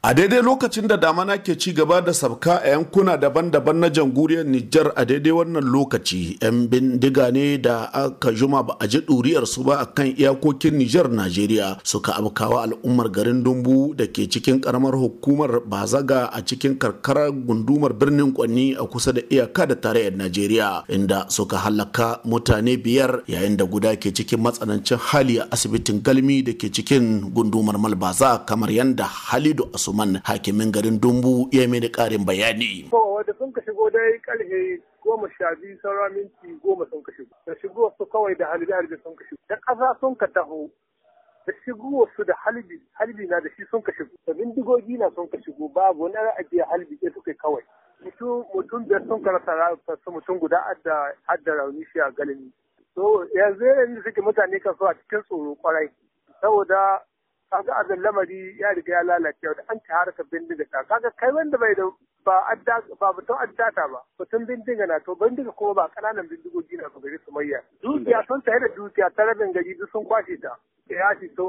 A daidai lokacin da damana ke ci gaba da sabka a yankuna daban-daban na janguriyar Nijar a daidai wannan lokaci, 'yan bindiga ne da aka juma ba a ji ɗuriyar su ba akan iyakokin Nijar Najeriya suka abkawa al'ummar garin Dumbu da ke cikin karamar hukumar Bazaga a cikin karkarar gundumar birnin Kwanni a kusa da iyaka da tarayyar Najeriya, inda suka halaka mutane biyar yayin da guda ke cikin matsanancin hali a asibitin Galmi da ke cikin gundumar Malbaza kamar yadda Halidu Usman hakimin garin Dumbu ya yi mini ƙarin bayani. Wanda sun ka shigo dai ƙarfe goma sha biyu saura minti goma sun ka shigo. Da shigo su kawai da halibi halibi sun ka shigo. Da ƙasa sun ka taho da shigo su da halibi halibi na da shi sun ka shigo. Da bindigogi na sun ka shigo babu wani ra'abiya halibi ɗaya suka kawai. Mutum mutum biyar sun rasa mutum guda adda rauni shi a galibi. So yanzu yanzu suke mutane kan so a cikin tsoro kwarai. Saboda kaga abin lamari ya riga ya lalace da an ta haraka bindiga ta kaga kai wanda bai da ba adda ba mutum addata ba mutum bindiga na to bindiga kuma ba kananan bindigogi na ba gari sumayya dukiya sun tare da dukiya ta rabin gari duk sun kwashe ta ya ce to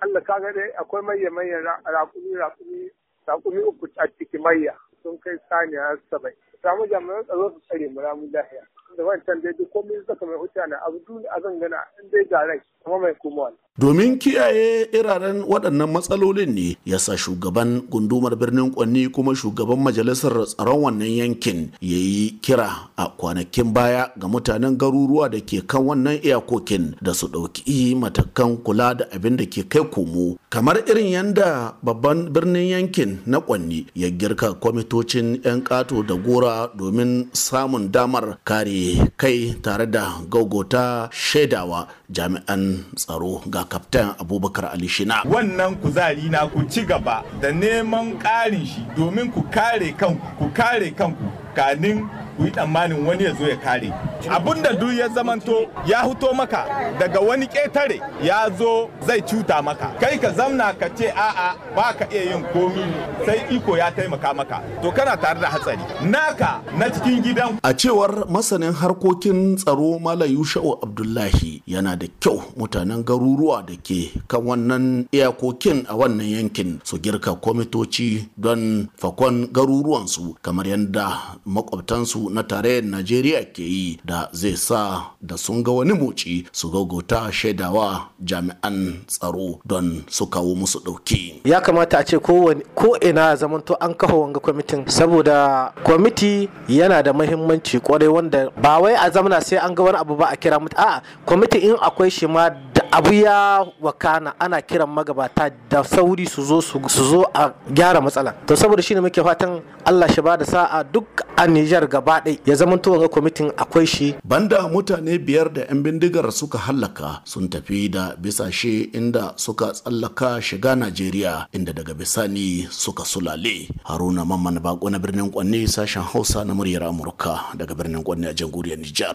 kalla kaga dai akwai mayya mayya raƙumi raƙumi raƙumi uku a ciki mayya sun kai saniya sabai samu jami'an tsaro su tsare mu ramu lahiya da wancan dai duk komai zaka mai hutu na abu dole a zan gana in dai ga rai kuma mai kuma wani domin kiyaye iraren waɗannan matsalolin ne ya sa shugaban gundumar birnin kwanni kuma shugaban majalisar tsaron wannan yankin ya yi kira a kwanakin baya ga mutanen garuruwa da ke kan wannan iyakokin da su ɗauki matakan kula da abin da ke kai komo kamar irin yadda babban birnin yankin na kwanni ya girka kwamitocin 'yan ƙato da gora domin samun damar kare kai tare da gaugota shaidawa jami'an tsaro ga kaftan abubakar ali shina wannan kuzari na ku ci gaba da neman ƙarin shi domin ku kare kanku ku kare kanku kanin ku yi tsammanin wani ya zo ya kare abin da duk ya zamanto ya huto maka daga wani ƙetare ya zo zai cuta maka kai ka zamna ka ce a'a ba ka iya yin komi sai iko ya taimaka maka to kana tare da hatsari naka na cikin gidan a cewar masanin harkokin tsaro malam yusha'u abdullahi yana da kyau mutanen garuruwa da ke kan wannan iyakokin a wannan yankin su girka kwamitoci don fakon garuruwansu kamar yadda makwabtansu na tare Najeriya ke yi da zai sa da sun ga wani moci su gaggauta shaidawa jami'an tsaro don su kawo musu ɗauki. Ya kamata a ce ko ina zamanto an kafa wanga kwamitin saboda kwamiti yana da mahimmanci kwarai wanda ba wai a zamana sai an ga wani abu ba a kira mutu a'a kwamitin in akwai shi ma da abu ya wakana ana kiran magabata da sauri su zo su zo a gyara matsala to saboda shine muke fatan Allah shi ba da sa'a duk a Nijar gaba ɗai ya zama ga kwamitin akwai shi. Banda mutane biyar da 'yan bindigar suka hallaka sun tafi da bisashe inda suka tsallaka shiga Najeriya inda daga bisani suka sulale. Haruna Mamman Bako na birnin Kwanne sashen Hausa na muryar Amurka daga birnin Kwanne a jamhuriyar Nijar.